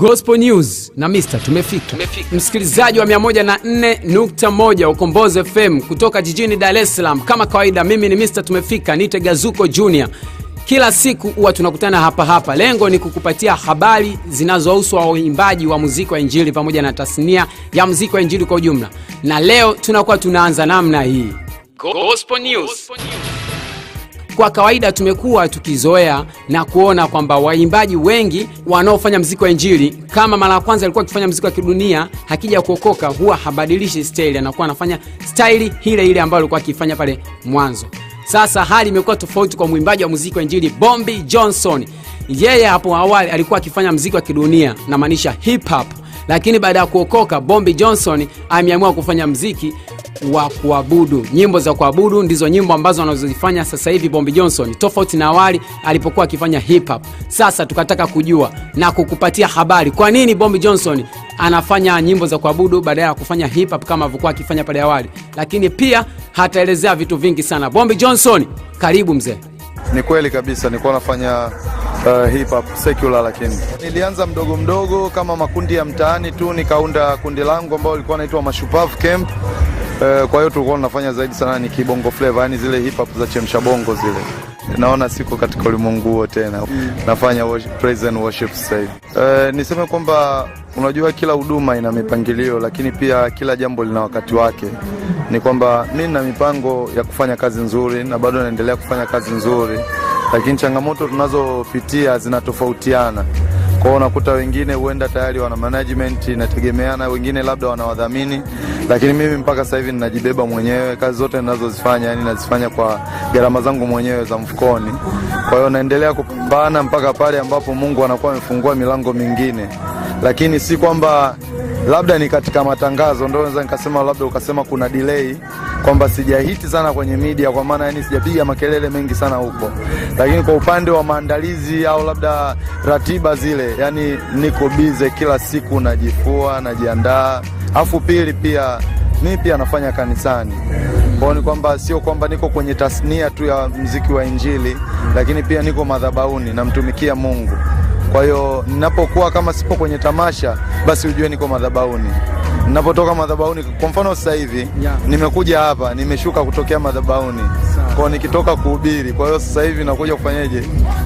Gospel News na Mr. Tumefika, tumefika. Msikilizaji wa 104.1 Ukombozi FM kutoka jijini Dar es Salaam, kama kawaida, mimi ni Mr. Tumefika, nite Gazuko Junior. Kila siku huwa tunakutana hapa hapa, lengo ni kukupatia habari zinazohusu waimbaji wa muziki wa Injili pamoja na tasnia ya muziki wa Injili kwa ujumla, na leo tunakuwa tunaanza namna hii Gospel News. Gospel News. Kwa kawaida tumekuwa tukizoea na kuona kwamba waimbaji wengi wanaofanya mziki wa Injili, kama mara ya kwanza alikuwa akifanya mziki wa kidunia, hakija kuokoka, huwa habadilishi staili, anakuwa anafanya staili ile ile ambayo alikuwa akifanya pale mwanzo. Sasa hali imekuwa tofauti kwa mwimbaji wa muziki wa Injili Bombi Johnson. Yeye hapo awali alikuwa akifanya mziki wa kidunia, namaanisha hip hop, lakini baada ya kuokoka Bombi Johnson ameamua kufanya mziki wa kuabudu. Nyimbo za kuabudu ndizo nyimbo ambazo anazozifanya sasa hivi Bombi Johnson, tofauti na awali alipokuwa akifanya hip hop. Sasa tukataka kujua na kukupatia habari kwa nini Bombi Johnson anafanya nyimbo za kuabudu badala ya kufanya hip hop kama alivyokuwa akifanya pale awali, lakini pia hataelezea vitu vingi sana. Bombi Johnson, karibu mzee. Ni kweli kabisa, nilikuwa nafanya uh, hip hop secular, lakini nilianza mdogo mdogo kama makundi ya mtaani tu, nikaunda kundi langu ambao ilikuwa naitwa Mashupavu Camp. Uh, kwa hiyo tulikuwa tunafanya zaidi sana ni kibongo flavor, yani zile hip hop za chemsha bongo zile. Naona siko katika ulimwengu huo tena, nafanya worship, praise and worship sasa hivi. Uh, niseme kwamba unajua kila huduma ina mipangilio, lakini pia kila jambo lina wakati wake. Ni kwamba mimi nina mipango ya kufanya kazi nzuri na bado naendelea kufanya kazi nzuri lakini changamoto tunazopitia zinatofautiana. Kwa unakuta wengine huenda tayari wana management, inategemeana, wengine labda wanawadhamini lakini mimi mpaka sasa hivi ninajibeba mwenyewe. Kazi zote ninazozifanya yani nazifanya kwa gharama zangu mwenyewe za mfukoni. Kwa hiyo naendelea kupambana mpaka pale ambapo Mungu anakuwa amefungua milango mingine, lakini si kwamba labda ni katika matangazo, ndio naweza nikasema, labda ukasema kuna delay kwamba sijahiti sana kwenye media, kwa maana yani sijapiga makelele mengi sana huko, lakini kwa upande wa maandalizi au labda ratiba zile, yani niko bize kila siku, najifua najiandaa, afu pili pia mimi pia nafanya kanisani kwao, ni kwamba sio kwamba niko kwenye tasnia tu ya mziki wa Injili, lakini pia niko madhabahuni namtumikia Mungu. Kwa hiyo ninapokuwa kama sipo kwenye tamasha, basi ujue niko madhabahuni. Ninapotoka madhabahuni, kwa mfano sasa hivi yeah, nimekuja hapa, nimeshuka kutokea madhabahuni kwao, nikitoka kuhubiri. Kwa hiyo sasa hivi nakuja kufanyaje?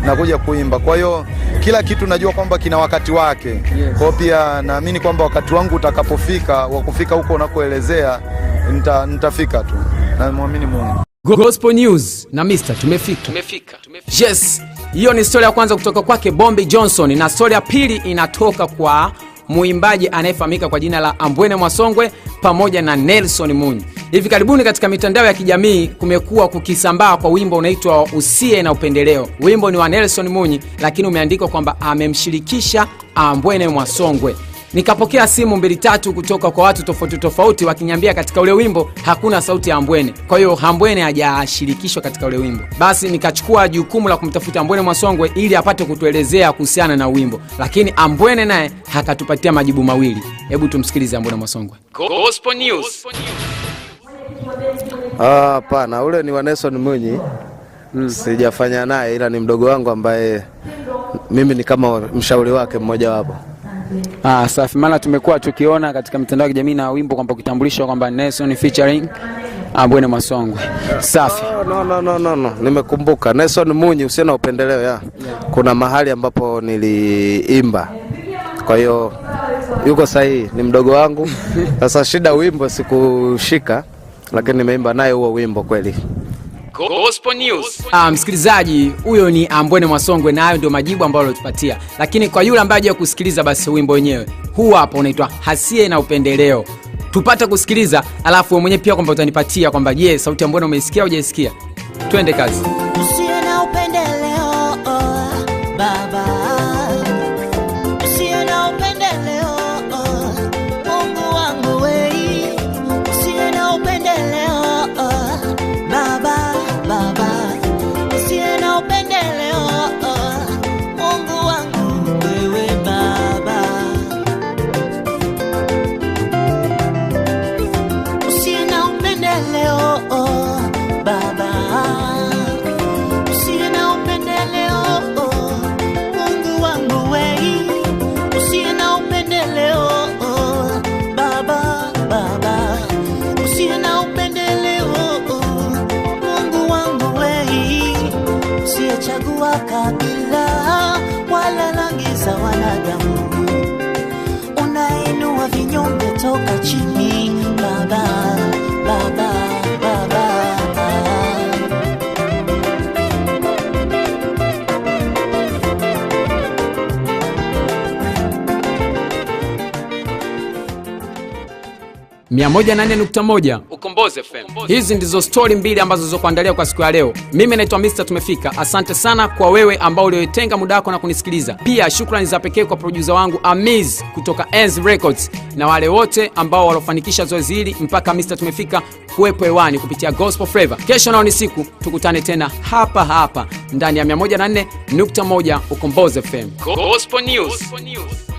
Nakuja kuimba. Kwa hiyo kila kitu najua kwamba kina wakati wake. Yes. Kwao pia naamini kwamba wakati wangu utakapofika wa kufika huko unakoelezea, nitafika tu, namwamini Mungu. Gospel News na Mr tumefika. Tumefika. Tumefika. Yes, hiyo ni stori ya kwanza kutoka kwake Bombi Johnson, na stori ya pili inatoka kwa muimbaji anayefahamika kwa jina la Ambwene Mwasongwe pamoja na Nelson Munyi. Hivi karibuni katika mitandao ya kijamii kumekuwa kukisambaa kwa wimbo unaitwa usie na Upendeleo. Wimbo ni wa Nelson Munyi, lakini umeandikwa kwamba amemshirikisha Ambwene Mwasongwe. Nikapokea simu mbili tatu kutoka kwa watu tofauti tofauti wakinyambia katika ule wimbo hakuna sauti ya Ambwene, kwa hiyo Ambwene hajashirikishwa katika ule wimbo. Basi nikachukua jukumu la kumtafuta Ambwene Mwasongwe ili apate kutuelezea kuhusiana na wimbo, lakini Ambwene naye hakatupatia majibu mawili. Hebu tumsikilize Ambwene Mwasongwe. hapana, ule ni wa mwinyi Mm. Sijafanya naye ila ni mdogo wangu ambaye mimi ni kama mshauri wake mmoja wapo. Ah, safi. Maana tumekuwa tukiona katika mitandao ya kijamii na wimbo kwamba kitambulisho kwamba Nelson featuring Ambwene Masongwe. Safi. No, no, no, no, no. Nimekumbuka Nelson Munyi, usio na upendeleo ya. Kuna mahali ambapo niliimba, kwa hiyo yuko sahihi, ni mdogo wangu. Sasa shida wimbo sikushika, lakini nimeimba naye huo wimbo kweli. Gospel News. Ah, msikilizaji huyo ni Ambwene Mwasongwe na hayo ndio majibu ambayo aliotupatia, lakini kwa yule ambaye hajaja kusikiliza, basi wimbo wenyewe huu hapa unaitwa Hasie na Upendeleo tupate kusikiliza, alafu wewe mwenyewe pia kwamba utanipatia kwamba je, sauti ya Ambwene umeisikia au Twende kazi. 108.1 Ukombozi FM. Hizi ndizo stori mbili ambazo zilizokuandalia kwa siku ya leo. Mimi naitwa Mr. Tumefika. Asante sana kwa wewe ambao uliotenga muda wako na kunisikiliza. Pia shukrani za pekee kwa produsa wangu Amiz kutoka Enz Records na wale wote ambao waliofanikisha zoezi hili mpaka Mr. Tumefika kuwepo hewani kupitia Gospel Flavor. Kesho nao ni siku, tukutane tena hapa hapa ndani ya 104.1 Ukombozi FM. Gospel News. Gospel News.